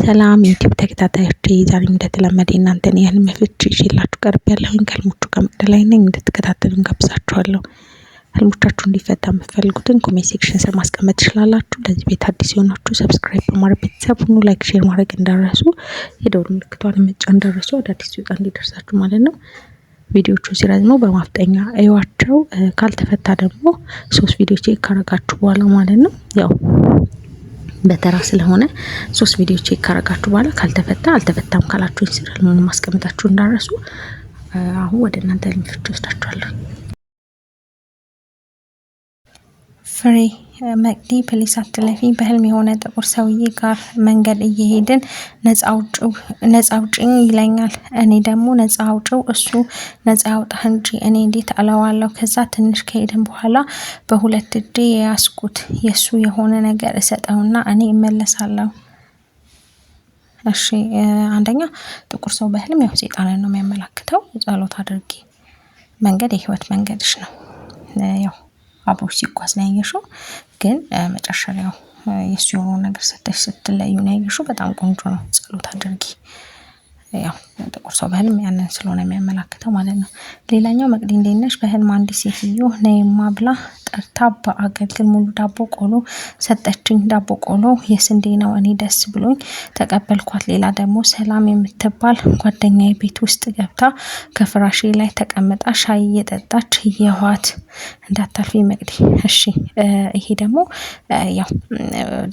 ሰላም የዩቲዩብ ተከታታዮች ዛሬም እንደተለመደ እናንተን የህልም ፍቺ ይዤላችሁ ቀርብ ያለሁኝ ከህልሞቹ ከመቅደ ላይ ነኝ። እንድትከታተሉ ጋብዛችኋለሁ። ህልሞቻችሁ እንዲፈታ የምትፈልጉትን ኮሜንት ሴክሽን ስር ማስቀመጥ ትችላላችሁ። ለዚህ ቤት አዲስ የሆናችሁ ሰብስክራይብ በማድረግ ቤተሰብ ሁኑ። ላይክ፣ ሼር ማድረግ እንዳረሱ የደውል ምልክቷን መጫን እንዳረሱ አዳዲስ ሲወጣ እንዲደርሳችሁ ማለት ነው። ቪዲዮቹ ሲረዝሙ በማፍጠኛ እዩዋቸው። ካልተፈታ ደግሞ ሶስት ቪዲዮ ቼክ ካረጋችሁ በኋላ ማለት ነው ያው በተራ ስለሆነ ሶስት ቪዲዮ ቼክ ካረጋችሁ በኋላ ካልተፈታ አልተፈታም ካላችሁ ይስራል ምን ማስቀመጣችሁ እንዳረሱ አሁን ወደ እናንተ ልንፍች ወስዳችኋለሁ። ፍሬ መቅዲ ፕሊስ አትለፊ በህልም የሆነ ጥቁር ሰውዬ ጋር መንገድ እየሄድን ነጻ አውጪኝ ይለኛል። እኔ ደግሞ ነጻ አውጪው እሱ ነጻ ያውጣህ እንጂ እኔ እንዴት አለዋለሁ። ከዛ ትንሽ ከሄድን በኋላ በሁለት እጄ የያዝኩት የእሱ የሆነ ነገር እሰጠውና እኔ እመለሳለሁ። እሺ አንደኛ ጥቁር ሰው በህልም ያው ሴጣንን ነው የሚያመላክተው። ጸሎት አድርጊ መንገድ የህይወት መንገድሽ ነው። ያው አብሮች ሲጓዝ ነው ያየሽው። ግን መጨረሻ ላይ የእሱ ነገር ሰጠሽ ስትለዩ ነው ያየሽው። በጣም ቆንጆ ነው። ጸሎት አድርጊ። ያው ጥቁር ሰው በህልም ያንን ስለሆነ የሚያመላክተው ማለት ነው። ሌላኛው መቅዲ እንዴት ነሽ? በህልም አንዲት ሴትዮ ነይማ ብላ ጠርታ በአገልግል ሙሉ ዳቦ ቆሎ ሰጠችኝ። ዳቦ ቆሎ የስንዴ ነው። እኔ ደስ ብሎኝ ተቀበልኳት። ሌላ ደግሞ ሰላም የምትባል ጓደኛ ቤት ውስጥ ገብታ ከፍራሼ ላይ ተቀምጣ ሻይ እየጠጣች የዋት እንዳታልፊ መቅዲ። እሺ፣ ይሄ ደግሞ ያው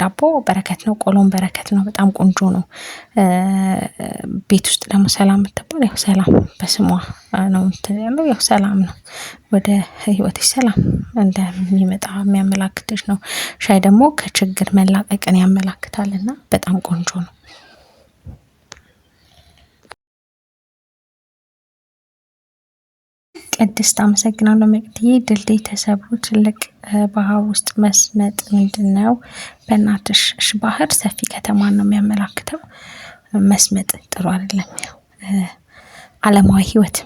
ዳቦ በረከት ነው፣ ቆሎን በረከት ነው። በጣም ቆንጆ ነው። ቤት ውስጥ ደግሞ ሰላም የምትባል ያው ሰላም በስሟ ነው ያለው፣ ያው ሰላም ነው። ወደ ህይወትሽ ሰላም እንደ እንደሚመጣ የሚያመላክትሽ ነው። ሻይ ደግሞ ከችግር መላቀቅን ያመላክታል እና በጣም ቆንጆ ነው። ቅድስት አመሰግናለሁ። መቅድዬ ድልድይ ተሰብሮ ትልቅ ባህር ውስጥ መስመጥ ምንድን ነው? በእናትሽ ባህር ሰፊ ከተማ ነው የሚያመላክተው። መስመጥ ጥሩ አይደለም፣ አለማዊ ህይወት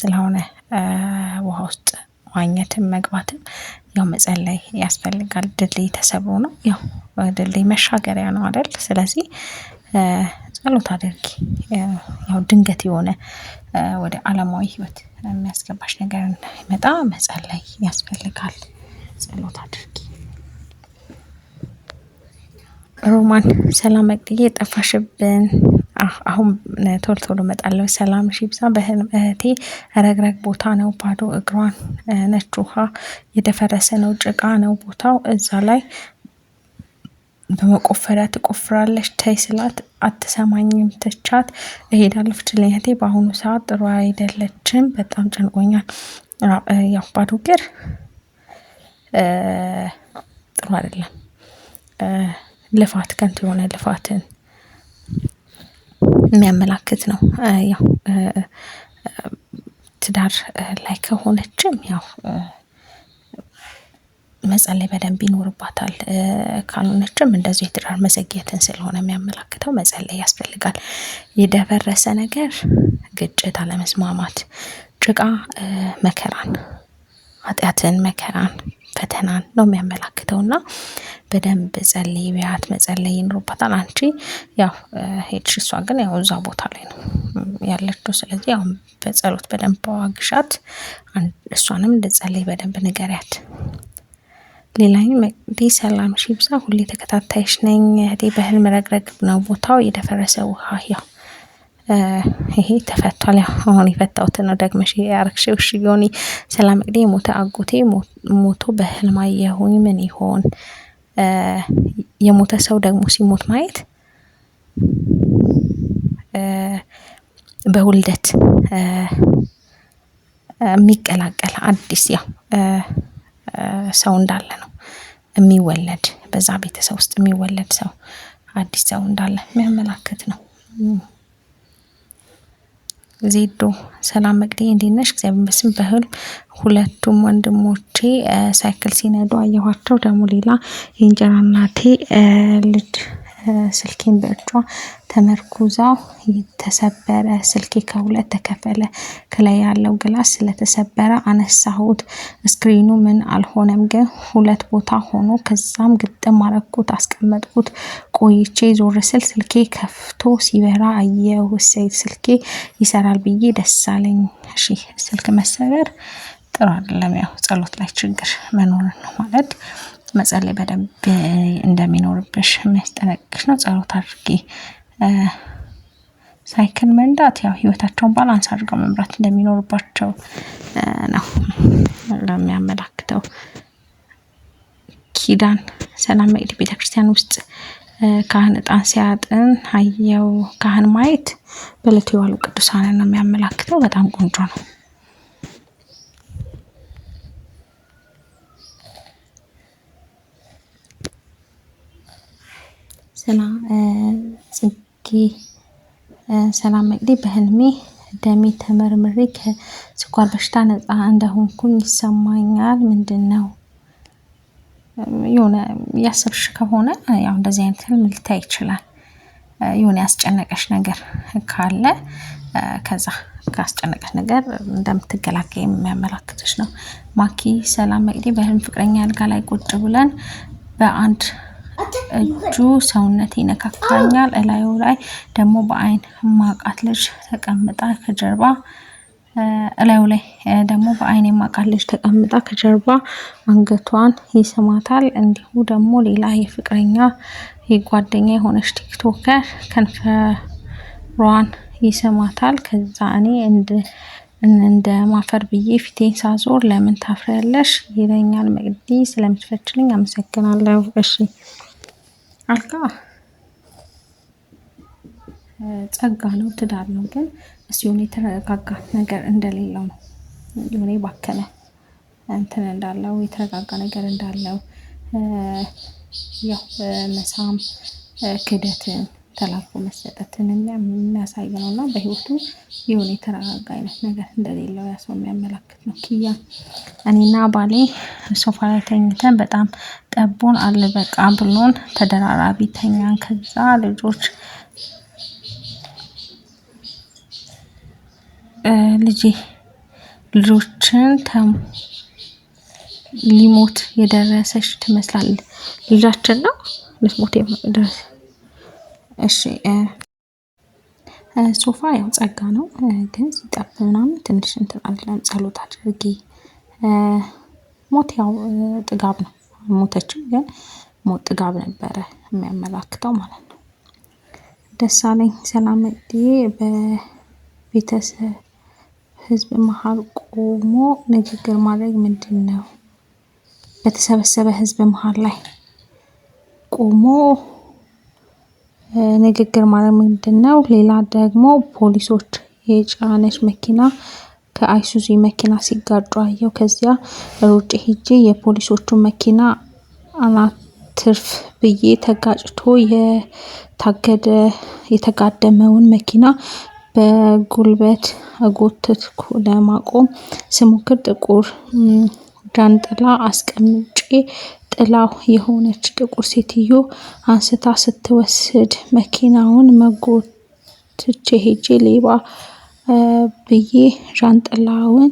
ስለሆነ ውሃ ውስጥ ማግኘትም መግባትም ያው መጸለይ ያስፈልጋል። ድልድይ ተሰብሮ ነው ያው ድልድይ መሻገሪያ ነው አይደል? ስለዚህ ጸሎት አድርጊ። ያው ድንገት የሆነ ወደ አለማዊ ህይወት የሚያስገባሽ ነገር መጣ መጸለይ ያስፈልጋል። ጸሎት አድርጊ። ሮማን ሰላም መቅድዬ ጠፋሽብን። አሁን ቶሎ ቶሎ እመጣለሁ። ሰላም ሺ ይብዛ። በህልም እህቴ ረግረግ ቦታ ነው፣ ባዶ እግሯን ነች፣ ውሃ የደፈረሰ ነው፣ ጭቃ ነው ቦታው። እዛ ላይ በመቆፈሪያ ትቆፍራለች። ተይ ስላት አትሰማኝም። ትቻት እሄዳለሁ። ፍችልኝ እህቴ በአሁኑ ሰዓት ጥሩ አይደለችም፣ በጣም ጨንቆኛል። ያው ባዶ እግር ጥሩ አይደለም። ልፋት ከንቱ የሆነ ልፋትን የሚያመላክት ነው። ያው ትዳር ላይ ከሆነችም ያው መጸለይ በደንብ ይኖርባታል። ካልሆነችም እንደዚሁ የትዳር መዘግየትን ስለሆነ የሚያመላክተው መጸለይ ያስፈልጋል። የደፈረሰ ነገር ግጭት፣ አለመስማማት፣ ጭቃ መከራን ኃጢአትን መከራን ፈተናን ነው የሚያመላክተውና በደንብ ጸልይ ቢያት መጸለይ ይኖርባታል። አንቺ ያው ሄድሽ፣ እሷ ግን ያው እዛ ቦታ ላይ ነው ያለችው። ስለዚህ ያው በጸሎት በደንብ በዋግሻት፣ እሷንም እንድጸልይ በደንብ ንገሪያት። ሌላኝ መቅዲ ሰላም ሺብዛ ሁሌ ተከታታይሽ ነኝ እህቴ። በህልም ረግረግ ነው ቦታው የደፈረሰ ውሃ ያው ይሄ ተፈቷል። አሁን የፈታሁትን ነው ደግመሽ ያረግሽው። እሺ ዮኒ ሰላም እግዴ ሞተ አጎቴ ሞቶ በህልም አየሁኝ። ምን ይሆን የሞተ ሰው ደግሞ ሲሞት ማየት በውልደት የሚቀላቀል አዲስ ያው ሰው እንዳለ ነው የሚወለድ በዛ ቤተሰብ ውስጥ የሚወለድ ሰው አዲስ ሰው እንዳለ የሚያመላክት ነው። ዜዶ ሰላም መቅደ እንዴት ነሽ? እግዚአብሔር ይመስገን። በህልም ሁለቱም ወንድሞቼ ሳይክል ሲነዱ አየኋቸው። ደግሞ ሌላ የእንጀራ እናቴ ልጅ ስልኬን በእጇ ተመርኩዛ ተሰበረ፣ ስልኬ ከሁለት ተከፈለ፣ ከላይ ያለው ግላስ ስለተሰበረ አነሳሁት። ስክሪኑ ምን አልሆነም ግን ሁለት ቦታ ሆኖ ከዛም ግጥም አረኩት፣ አስቀመጥኩት። ቆይቼ ዞር ስል ስልኬ ከፍቶ ሲበራ አየሁ። እሰይ ስልኬ ይሰራል ብዬ ደስ አለኝ። እሺ ስልክ መሰበር ጥሩ አይደለም። ያው ጸሎት ላይ ችግር መኖርን ነው ማለት መጸለይ በደንብ እንደሚኖርብሽ የሚያስጠነቅቅሽ ነው። ጸሎት አድርጊ። ሳይክል መንዳት ያው ህይወታቸውን ባላንስ አድርገው መምራት እንደሚኖርባቸው ነው ለሚያመላክተው። ኪዳን ሰላም መቅድ ቤተክርስቲያን ውስጥ ካህን እጣን ሲያጥን አየው። ካህን ማየት በዕለቱ የዋሉ ቅዱሳንን ነው የሚያመላክተው። በጣም ቆንጆ ነው። ጽጌ ሰላም መቅዲ በህልሜ ደሜ ተመርምሬ ከስኳር በሽታ ነፃ እንደሆንኩኝ ይሰማኛል። ምንድን ነው? የሆነ ያሰብሽ ከሆነ ያው እንደዚህ አይነት ህልም ልታይ ይችላል። የሆነ ያስጨነቀሽ ነገር ካለ ከዛ ካስጨነቀሽ ነገር እንደምትገላገይ የሚያመላክትሽ ነው። ማኪ ሰላም መቅዲ በህልም ፍቅረኛ አልጋ ላይ ቁጭ ብለን በአንድ እጁ ሰውነት ይነካካኛል። እላዩ ላይ ደግሞ በአይን ማቃት ልጅ ተቀምጣ ከጀርባ እላዩ ላይ ደግሞ በአይን የማቃት ልጅ ተቀምጣ ከጀርባ አንገቷን ይስማታል። እንዲሁ ደግሞ ሌላ የፍቅረኛ የጓደኛ የሆነች ቲክቶከር ከንፈሯን ይስማታል። ከዛ እኔ እንደ ማፈር ብዬ ፊቴን ሳዞር ለምን ታፍሪያለሽ ይለኛል። መቅዲ ስለምትፈችልኝ አመሰግናለሁ። እሺ አልጋ ጸጋ ነው፣ ትዳር ነው። ግን እሱ የሆነ የተረጋጋ ነገር እንደሌለው ነው። የሆነ የባከነ እንትን እንዳለው የተረጋጋ ነገር እንዳለው ያው መሳም ክደትን ተላልፎ መሰጠትን የሚያሳይ ነው እና በህይወቱ የሆነ የተረጋጋ አይነት ነገር እንደሌለው ያ ሰው የሚያመላክት ነው። ኪያ እኔና ባሌ ሶፋ ላይ ተኝተን በጣም ጠቦን አልበቃ ብሎን ተደራራቢ ተኛን። ከዛ ልጆች ልጄ ልጆችን ሊሞት የደረሰች ትመስላለች። ልጃችን ነው ልትሞት የደረሰ እሺ ሶፋ ያው ጸጋ ነው ግን ሲጠብ ምናምን ትንሽ እንትን አይደለም ጸሎት አድርጊ። ሞት ያው ጥጋብ ነው አልሞተችም ግን ሞት ጥጋብ ነበረ የሚያመላክተው ማለት ነው። ደሳለኝ ሰላምዬ በቤተሰብ ህዝብ መሃል ቆሞ ንግግር ማድረግ ምንድን ነው? በተሰበሰበ ህዝብ መሀል ላይ ቆሞ ንግግር ማለት ነው? ሌላ ደግሞ ፖሊሶች የጫነች መኪና ከአይሱዙ መኪና ሲጋጩ አየው። ከዚያ ሩጭ ሄጄ የፖሊሶቹን መኪና አላትርፍ ብዬ ተጋጭቶ የታገደ የተጋደመውን መኪና በጉልበት እጎተትኩ። ለማቆም ስሞክር ጥቁር ጃንጥላ አስቀምጬ ጥላው የሆነች ጥቁር ሴትዮ አንስታ ስትወስድ መኪናውን መጎትቼ ሄጄ ሌባ ብዬ ዣንጥላውን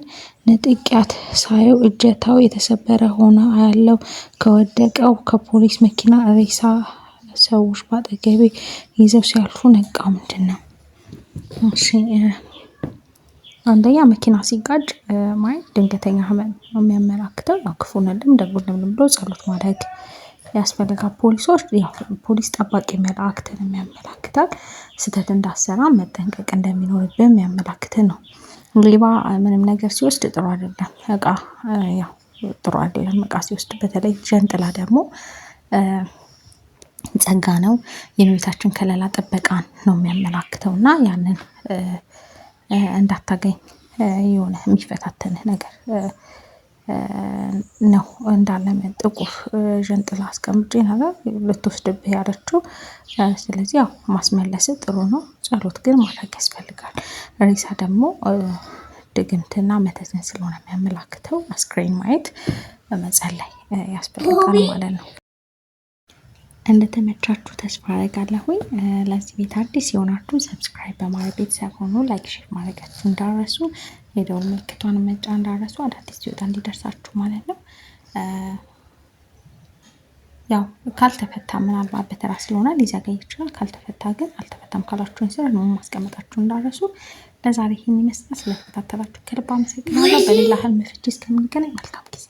ነጥቂያት ሳየው እጀታው የተሰበረ ሆነ ያለው። ከወደቀው ከፖሊስ መኪና ሬሳ ሰዎች በአጠገቤ ይዘው ሲያልፉ ነቃው። ምንድን ነው? አንደኛ መኪና ሲጋጭ ማየት ድንገተኛ ህመም ነው የሚያመላክተው ያው ክፉ ነልም ደጉን ብሎ ጸሎት ማድረግ ያስፈልጋል። ፖሊሶች ፖሊስ ጠባቂ መላእክትን የሚያመላክታል። ስህተት እንዳሰራ መጠንቀቅ እንደሚኖርብህ የሚያመላክትህ ነው። ሌባ ምንም ነገር ሲወስድ ጥሩ አይደለም እቃ ያው ጥሩ አይደለም እቃ ሲወስድ በተለይ ጀንጥላ ደግሞ ጸጋ ነው የእመቤታችን ከለላ ጥበቃን ነው የሚያመላክተው እና ያንን እንዳታገኝ የሆነ የሚፈታተንህ ነገር ነው። እንዳለምን ጥቁር ዣንጥላ አስቀምጬ ነበር ልትወስድብህ ያለችው። ስለዚህ ያው ማስመለስ ጥሩ ነው። ጸሎት ግን ማድረግ ያስፈልጋል። ሬሳ ደግሞ ድግምትና መተትን ስለሆነ የሚያመላክተው አስክሬን ማየት መጸለይ ያስፈልጋል ማለት ነው እንደተመቻችሁ ተስፋ አደርጋለሁኝ። ለዚህ ቤት አዲስ የሆናችሁ ሰብስክራይብ በማድረግ ቤተሰብ ሆኖ ላይክ፣ ሼር ማድረጋችሁ እንዳረሱ የደውል ምልክቷን መጫ እንዳረሱ አዳዲስ ሲወጣ እንዲደርሳችሁ ማለት ነው። ያው ካልተፈታ ምናልባት በተራ ስለሆነ ሊዘገይ ይችላል። ካልተፈታ ግን አልተፈታም ካላችሁን ስራ ማስቀመጣችሁ እንዳረሱ። ለዛሬ ይህን ይመስላል። ስለተከታተላችሁ ከልብ አመሰግናለሁ። በሌላ ህልም ፍቺ እስከምንገናኝ መልካም ጊዜ